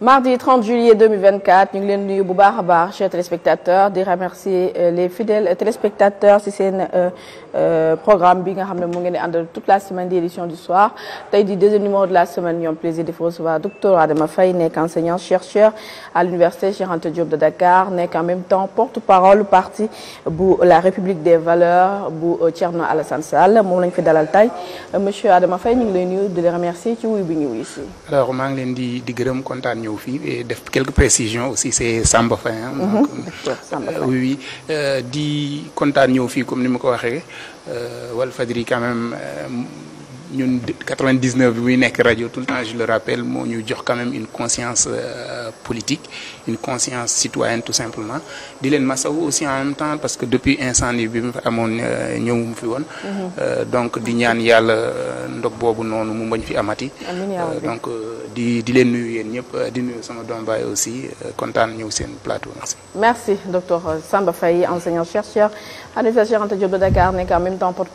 mardi 30 juillet 2024 ñu ngi leen nuyu bu baax a baax chers téléspectateurs di remercier euh, les fidèles téléspectateurs ci seen euh, euh, programme bi nga xam ne mu ngeen di àndal toute la semaine di édition du soir tey di deuxième numéro de la semaine ñoom plaisir di fa recevoir docteur Adama Faye nekk enseignant chercheur à l'université Cheikh Anta Diop de Dakar nekk en même temps porte-parole parti bu la République des valeurs bu Thierno Alassane Sall moom lañ fi dalal tey monsieur Adama Faye ñu ngi lay nuyu di la remercier ci bi ñu leen di di gërëm kontaan ñëw fii et def quelques précisions aussi c'est Samba Faye mhm. euh, oui oui euh, di kontaan ñëw fii comme ni ma ko waxee euh, Walfadjri quand même ñun 99 bi muy nekk rajo tout le temps je le rappelle moo ñu jox quand même une conscience euh, politique une conscience citoyenne tout simplement di leen masawu aussi en même temps parce que depuis incendie bi mu fa amoon euh, ñëwum fi woon mhm. euh, donc di ñaan yàlla ndog boobu noonu mu bañ fi amati donc di di leen nuyu yéen ñëpp di nuyu sama doom baay aussi kontaan ñëw seen plateau merci merci docteur Samba Faye enseignant chercheur à l'université Cheikh Anta Diop nekk en même temps porte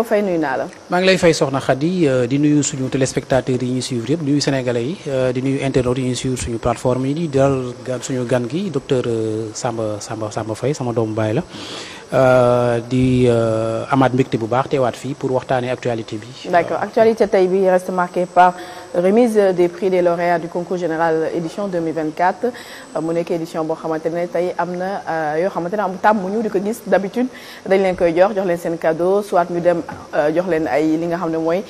ba fay nuyu naa la. maa ngi lay fay soxna Khady euh, di nuyu suñu téléspectateurs yi ñuy suivre yëpp di nuyu sénégalais yi euh, di nuyu internautes yi ñuy suivre suñu plateforme yi di dalal suñu gan gi docteur euh, sàmba sàmba Samba Faye sama doomu baay la. Euh, di euh, amaat mbégte bu baax teewaat fii pour waxtaanee actualité bi. d'accord actualité tey bi reste marquée par remise des prix des lauréats du concours général édition 2024 mu nekk édition boo xamante ne tey am na euh, yoo xamante ne am tàmmuñu di ko gis d'habitude dañ leen koy jox jox leen seen cadeau soit ñu dem jox leen ay li nga xam ne mooy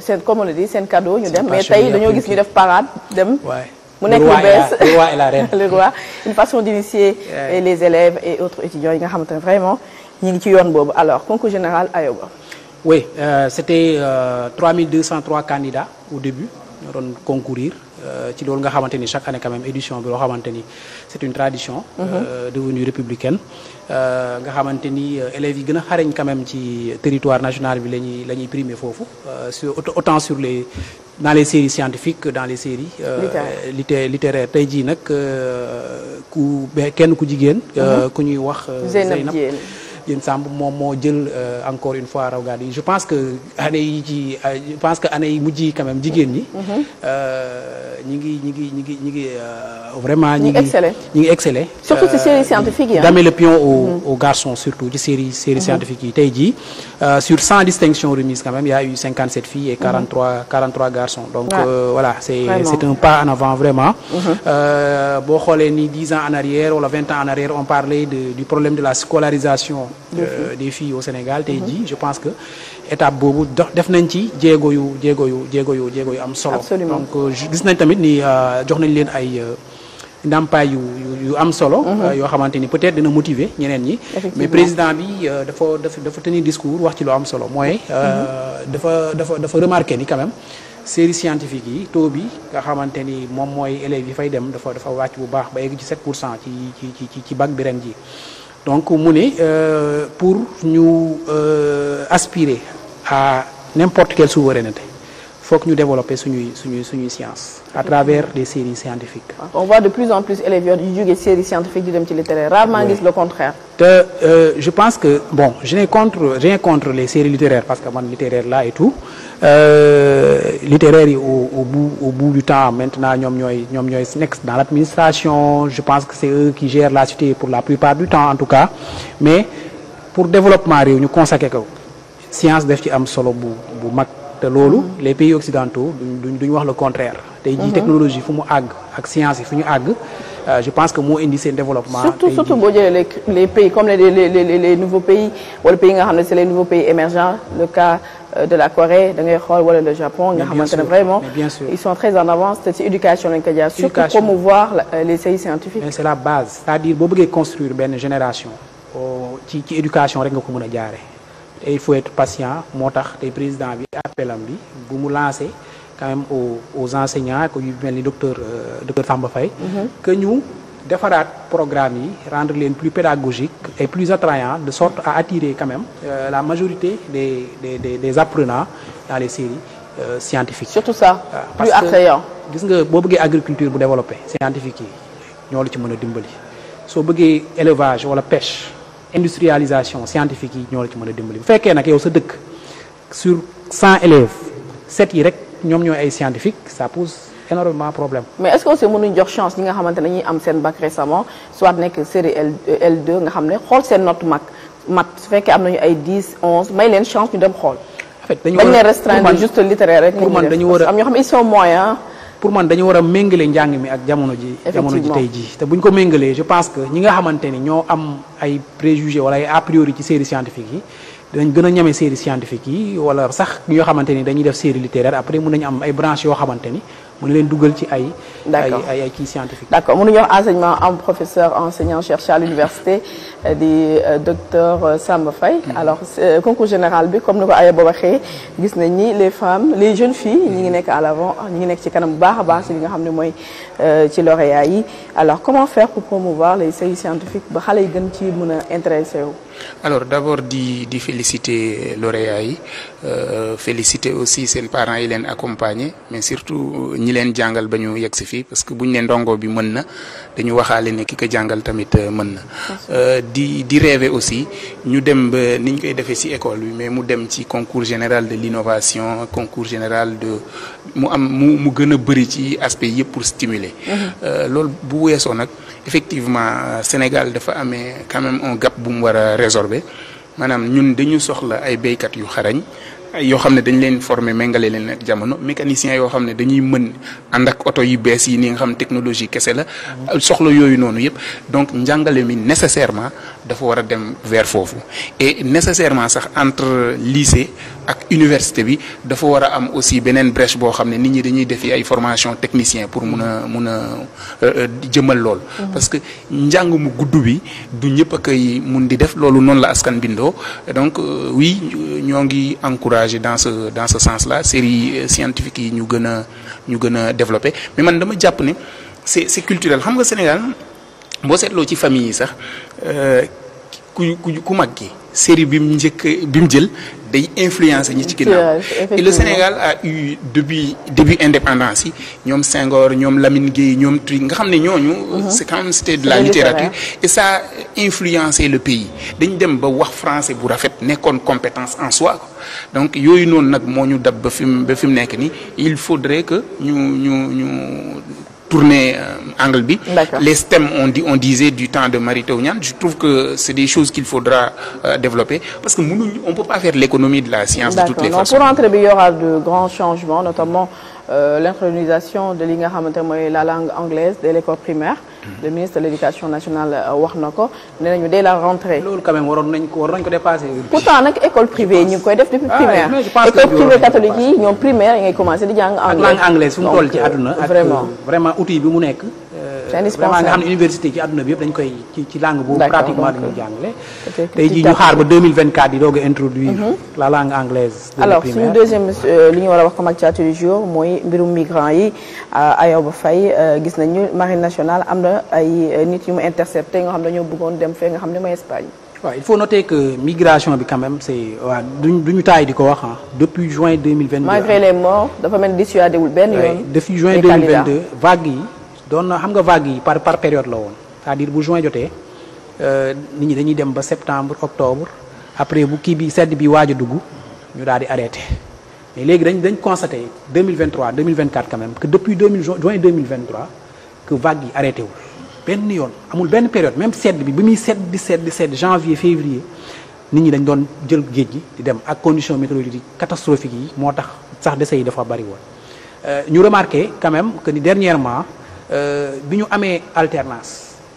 seen comme on le dit seen cadeau. ñu dem mais tey dañoo gis ñu def parade dem. mu nekk lu le roi et la reine le roi une façon d'initier euh, les élèves et autres étudiants yi nga xamante ne vraiment ñu ngi ci yoon boobu alors concours général Ayoba. oui euh, c'était euh, 3203 candidats au début. ñoo doon concourir euh, ci loolu nga xamante ni chaque année quand même bi loo xamante ni c'est une tradition mhm. euh, devenue républicaine euh, nga xamante ni élèves yi gën a xarañ quand ci territoire national bi la ñuy la ñuy primé foofu sur autant sur les dans les séries scientifiques dans les séries littéraires littéraires tey jii nag ku kenn ku jigéen mhm. ku ñuy wax Zeynab Yérim Samb moom moo jël euh, encore une fois rawgaad yi je pense que année yi ci je pense que année yi jigéen ñi mm-hmm. euh, ñi ngi ñi ngi ñi ngi ñi ngi euh, vraiment ngi ñi ngi excellé surtout ci série scientifique yi le pion aux mm-hmm. aux surtout ci série mm-hmm. scientifique yi tey jii sur 100 distinctions remises quand même il y a eu 57 filles et 43 43 garçons donc voilà c'est un pas en avant vraiment boo xoolee ni 10 ans en arrière wala 20 ans en arrière on parlait du problème de la scolarisation Euh, des fi au Sénégal tey mhm. jii je pense que étape boobu dox def nañ ci jéego yu jéego yu jéego yu jéego yu am solo donc euh, gis nañ tamit ni euh, jox nañ leen ay ndàmpaay yu yu am solo mhm. yoo xamante ni peut-être dina motiver ñeneen ñi mais président bi dafa dafa dafa tenir discours wax ci lu am solo mooy mhm. dafa dafa dafa remarqué ni quand même série scientifique yi taux bi nga xamante ni moom mooy élèves yi fay dem dafa dafa wàcc bu baax ba yegg ci set pour cent ci ci ci ci bac bi ren ji donc mu ne euh, pour ñu euh, aspirer à n'importe quelle souveraineté faut que ñu développer suñuy suñuy suñuy science à travers des séries scientifiques. on voit de plus en plus élèves yu séries scientifiques dem ci littéraire rarement gis le contraire. Euh, je pense que bon je n'ai contre rien contre les séries littéraires parce que man littéraire là et tout. Euh, littéraires yi au au bout du temps maintenant ñoom ñooy ñoom ñooy nekk dans l'administration je pense que c'est eux qui gèrent la cité pour la plupart du temps en tout cas mais pour développement réew ñu consacré ko science def ci am solo bu bu mag te loolu mm-hmm. les pays occidentaux duñ duñ wax le contraire tey jii mm-hmm. technologie fu mu àgg ak science yi fu ñu àgg euh, je pense que moo indi seen développement. surtout surtout les pays comme les nouveaux pays wala les pays émergents le cas Euh, de la Corée da ngay xool wala le Japon nga xamante vraiment ils sont très en avance ci éducation lañ ko jaar surtout promouvoir euh, les séries scientifiques mais c'est la base c'est-à-dire boo bëggee construire benn génération ci ci éducation rek nga ko mën a jaare et il faut être patient moo tax tey président bi appelam bi bu mu lancé quand même aux aux enseignants ko yu mel ni docteur euh, docteur Samba fay mm-hmm. que defaraat programme yi rendre leen plus pédagogique et plus attrayant de sorte à attirer quand même euh, la majorité des des des, des apprenants dans les séries euh, scientifiques. surtout ça euh, plus attrayant parce gis nga boo bëggee agriculture bu développé scientifique yi ñoo la ci mën a dimbali soo bëggee élevage wala pêche industrialisation scientifique yi ñoo la ci mën a dimbali bu fekkee nag yow sa dëkk sur cent élèves sept yi rek ñoom ñooy ay scientifique ça pose. énormément problème. mais est-ce que aussi mënuñ euh, nga xam ne xool seen note mag mat su fekkee am nañu ay 10 11 may leen chance dem xool. en fait dañu war a restreindre juste littéraire rek. pour man dañu war a am ñoo xam ils sont moyens. man dañu war a méngale njàng mi ak jamono ji jamono ji tey jii te bu ko méngalee je pense que ñi nga xamante ni ñoo am ay préjugés wala ay a priori ci série scientifique yi dinañ gën a ñeme série scientifique yi wala sax ñoo xamante ni dañuy def série littéraire après mën nañu am ay branches yoo xamante ni mën leen dugal ci ay. d' accord ay ay kii scientifique. d' accord mënuñu wax enseignement am professeur enseignant chercheur à l'université Euh, di euh, docteur euh, Samba Faye mm-hmm. alors concours général bi comme ni ko Aya booba gis nañ ni les femmes les jeunes filles ñi ngi nekk à l'avant ñi ngi nekk ci kanam bu baax a baax ci li nga xam ne mooy ci lauréat yi alors comment faire pour promouvoir les séries scientifiques ba xale yi gën ci mën a intéressé wu alors d'abord di di féliciter lauréat yi euh, féliciter aussi seen parents yi leen accompagner mais surtout ñi leen jàngal ba ñu yegg si fii parce que bu ñu ne ndongo bi mën na dañu waxaale ne ki ko jàngal tamit mën na di di rêver aussi ñu dem ba ni ñu koy defee ci école bi mais mu dem ci concours général de l'innovation concours général de mu am mu mu gën a bëri ci aspect yëpp pour stimuler. Mhm. Euh, loolu bu weesoo nag effectivement Sénégal dafa amee quand même un gap bu mu war a résorber maanaam ñun dañu soxla ay béykat yu xarañ. yoo xam ne dañ leen former méngale leen ak jamono dañuy mën ak oto yu bees yi ni nga xam technologie kese la mm-hmm. soxla yooyu noonu yëpp donc njàngale mi nécessairement dafa war a dem vers foofu et nécessairement sax entre lycée ak université bi dafa war a am aussi beneen brèche boo xam ne nit ñi dañuy defi ay formation technicien pour mun a mm-hmm. mun a euh, euh, jëmal lool mm-hmm. parce que njàng mu gudd bi du ñëpp a koy mun di def loolu noonu la askan bindoo donc euh, oui ñoo ngi encouragé encourager dans ce dans ce sens là série euh, scientifique yi ñu gën a ñu gën a développer mais man dama jàpp ne c'est c'est culturel xam nga Sénégal boo seetloo ci famille yi sax euh, ku ku ku mag ki série bi mu njëkk bi mu jël day influencer ñi ci ginnaaw le Sénégal a eu depuis début indépendance yi ñoom Senghor ñoom Lamine Guèye ñoom tri nga xam ne ñooñu mhm. c'est quand de la littérature et ça a influencé le pays dañ dem ba wax français bu rafet nekkoon compétence en soi donc yooyu noonu nag moo ñu dab ba fi mu ba fi mu nekk nii il faudrait que ñu ñu ñu tourner euh, angle bi. les STEM on dit on disait du temps de Mary Teuw Niane je trouve que c'est des choses qu'il faudra euh, développer parce que mënuñu on peut pas faire l'économie de la science. de toutes les façons pour entrer bi il y aura de grands changements notamment euh, l'intronisation de li nga xamante mooy la langue anglaise dès l'école primaire. le ministre de l'éducation nationale euh, wax na ko nee nañu dès la rentrée. loolu quand même waroon nañ ko école privée ñu koy def depuis ah, primaire. école privée catholique yi ñoom primaire ngay commencé di jàng anglais. ak langue anglaise fu mu toll ci euh, àdduna. Euh, vraiment outil bi mu nekk. vraiment nga xam ne université ci àdduna bi yëpp dañ koy ci ci langue boobu pratiquement dañu jàngale tey ba 2024 di doog a introduire mhm. la langue anglaise euh, a wax comme actualité du jour mooy mbirum migrant yi euh, Ayoba Faye euh, gis nañu marine nationale am na ay nit yu mu intercepté nga xam bëggoon dem fee nga xam ne mooy Espagne waaw il faut noter que migration bi quand même c'est waaw duñ taay di ko wax ah depuis juin 2022 malgré les morts dafa yi doon na xam nga vague yi par par période la woon c'est-à-dire bu juin jotee euh, nit ñi dañuy dem ba septembre octobre après bu kii bi sedd bi waaj a dugg ñu daal di arrêté mais léegi dañ dañ constaté 2023 2024 quand même que depuis 2000 juin 2023 que vague yi arrêté wul benn yoon amul benn période même sedd bi bi muy sedd di sedd di sedd janvier février nit ñi dañ doon jël géej gi di dem ak condition météorologique catastrophique yi moo tax sax décès yi dafa bari woon euh, ñu remarqué quand même que ni dernièrement Euh, bi ñu amee alternance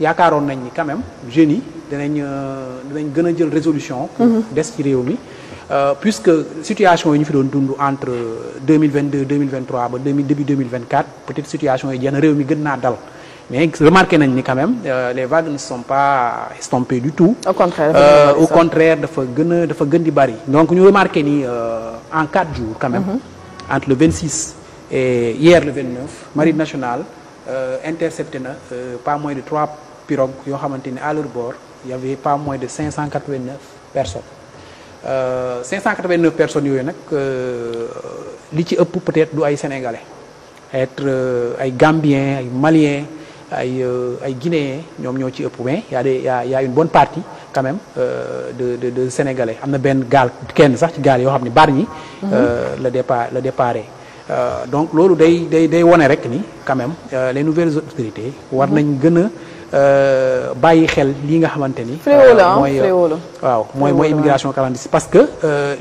yaakaaroon nañ ni quand même jeunes yi dinañ euh, dinañ gën a jël résolution. Mm-hmm. des ci réew mi. Euh, puisque situation yi ñu fi doon dund entre deux mille vingt deux deux mille vingt trois ba début deux mille vingt quatre peut-être situation yi jenn réew mi gën naa dal. mais remarqué nañ ni quand les vagues ne pas estompées du tout. au contraire dafa gën dafa gën di bari. donc ñu remarqué ni euh, en quatre jours. quand mm-hmm. entre le vingt six et hier le vingt neuf marine nationale. Euh, intercepté na euh, pas moins de trois pirogues yoo xamante ni à leur bord y avait pas moins de 589 personnes euh, 589 personnes yooyu nag euh, li ci ëpp peut-être du ay sénégalais être ay gambiens ay malien ay ay guinéens ñoom ñoo ci ëpp mais y a des y a y a une bonne partie quand de de sénégalais am na benn gaal kenn sax ci gaal yoo xam ne bari ñi. la départ la déparé. Euh, donc loolu day day day wone rek ni quand même euh, les nouvelles autorités war mhm. nañ gën a euh, bàyyi xel lii nga xamante ni. mooy waaw mooy mooy immigration clandestine parce que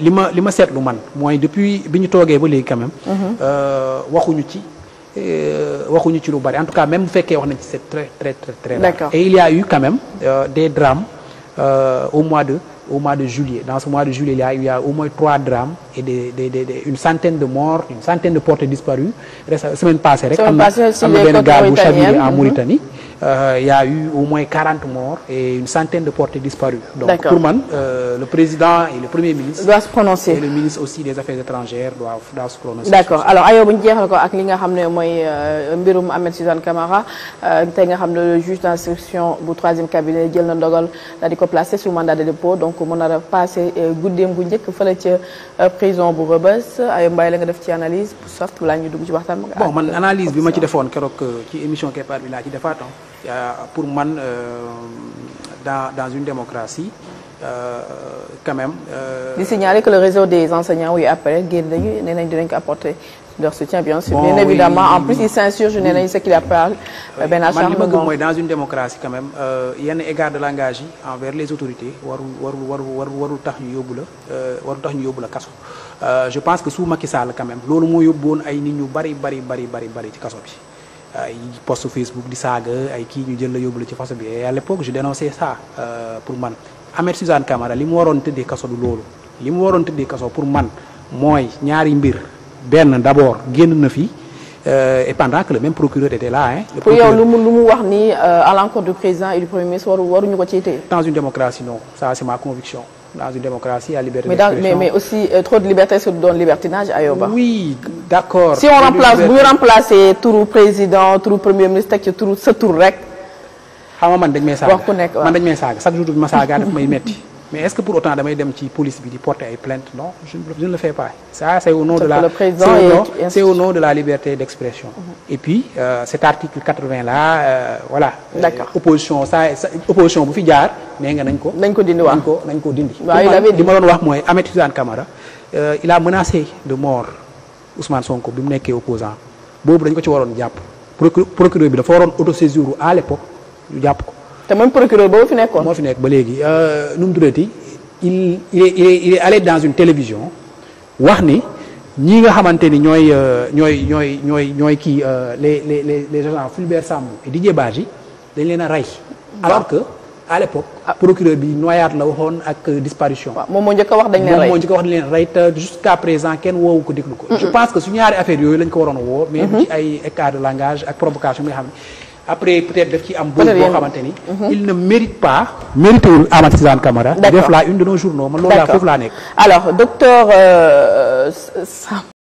li ma li ma seetlu man mooy depuis bi ñu toogee ba léegi quand mhm. waxuñu ci waxuñu ci lu bari en tout cas même bu fekkee wax nañ ci c'est très très très très rare. et il y a eu quand même des drames au mois de. au mois de juillet. Dans ce mois de juillet, il y a, il y a au moins trois drames et des, une centaine de morts, une centaine de portes disparues. semaine passée, il y a en Mauritanie. Euh, il y a eu au moins morts et une centaine de portées disparues. Donc, pour euh, le président et le premier ministre Et le ministre aussi des Affaires étrangères D'accord. Alors, ayo bu ñu jeexal ko ak li nga xam ne mooy euh, mbirum Ahmed Suzanne Camara euh, tey nga xam cabinet de dépôt donc ko mu nar a passé euh, guddeem gu njëkk fële ca euh, prison bu Rebeuss ay mbay la nga def ci analyse bu soft balaa ñu dugg ci waxtaan bi. bon man analyse bi ma ci defoon keroog euh, ci émission keppaar bi laa ci defaatoon pour man dans dans une démocratie. quand même. Euh, di signaler que le réseau des enseignants oui après génn nañu nee nañ dinañ ko apporter leur soutien bien sûr. bien évidemment en plus ils s'insurgent nee nañ ce qu'il appelle benn acharnement man li ma gëm mooy dans une démocratie quand euh, yenn égard de langage yi envers les autorités waru tax ñu yóbbu la euh, waru tax ñu yóbbu la kaso. je pense que sous Macky Sall quand même loolu moo yóbbu ay nit ñu bari bari bari bari bari ci kaso bi. ay post Facebook di saaga ay kii ñu jël la yóbbu la ci façon bi pour man Ahmed Suzanne li mu waroon tëddee kaso du loolu li mu waroon tëddee kaso pour man mooy ñaari mbir benn d'abord génn na fi euh, et pendant que le même procureur était là hein. pour lu mu wax ni euh, à l'encontre du président et du premier ministre waru waruñu ko ci téye. dans une démocratie non ça c'est ma conviction. dans une démocratie à liberté d'expression mais, mais mais aussi euh, trop de liberté se donne libertinage Ayoba. si on remplace bu président turu premier ministre teg ci sa tur rek. xam nga man dañ may saaga man dañ may saaga chaque jour bi ma saagaa daf may metti mais est-ce que pour autant damay dem ci police bi di porter ay plainte non ne le fais pas ça c'est au nom de la c'est au nom de la liberté d'expression mhm. et puis euh, cet article 80 là euh, euh, opposition bu fi jaar nee nga nañ ko nañ ko dindi nañ ko nañ ko dindi li ma doon wax mooy Ahmed Suzanne Camara il a menacé de mort Ousmane Sonko bi mu nekkee opposant boobu dañ ko ci waroon jàpp procureur bi dafa waroon autosaisir à l'époque ñu jàpp ko. te même procureur boobu fi nekkoon. moo fi nekk ba léegi euh, nu mu tuddati il il est il est allé dans une télévision wax ni ñi nga xamante ni ñooy euh, ñooy ñooy ñooy ñooy kii euh, les les les les agents Fulbert Sambou et Didier Badji dañ leen a rey. alors que à l'époque ah. procureur bi noyaat la waxoon ak disparition. moom moo njëkk a wax dañ leen rey moom moo njëkk a wax dañ leen rey te jusqu'à présent kenn woowu ko déglu ko. je pense que su ñaari affaire yooyu lañ ko waroon woo. mais mm-hmm. ci ay écart langage ak provocation bi xam ne. après peut-être daf ci am. boobu boo xamante ni. Mhm. il ne mérite pas. mérité wul Amath Suzanne Camara. def la une de nos journaux man loolu laa nekk. alors docteur euh,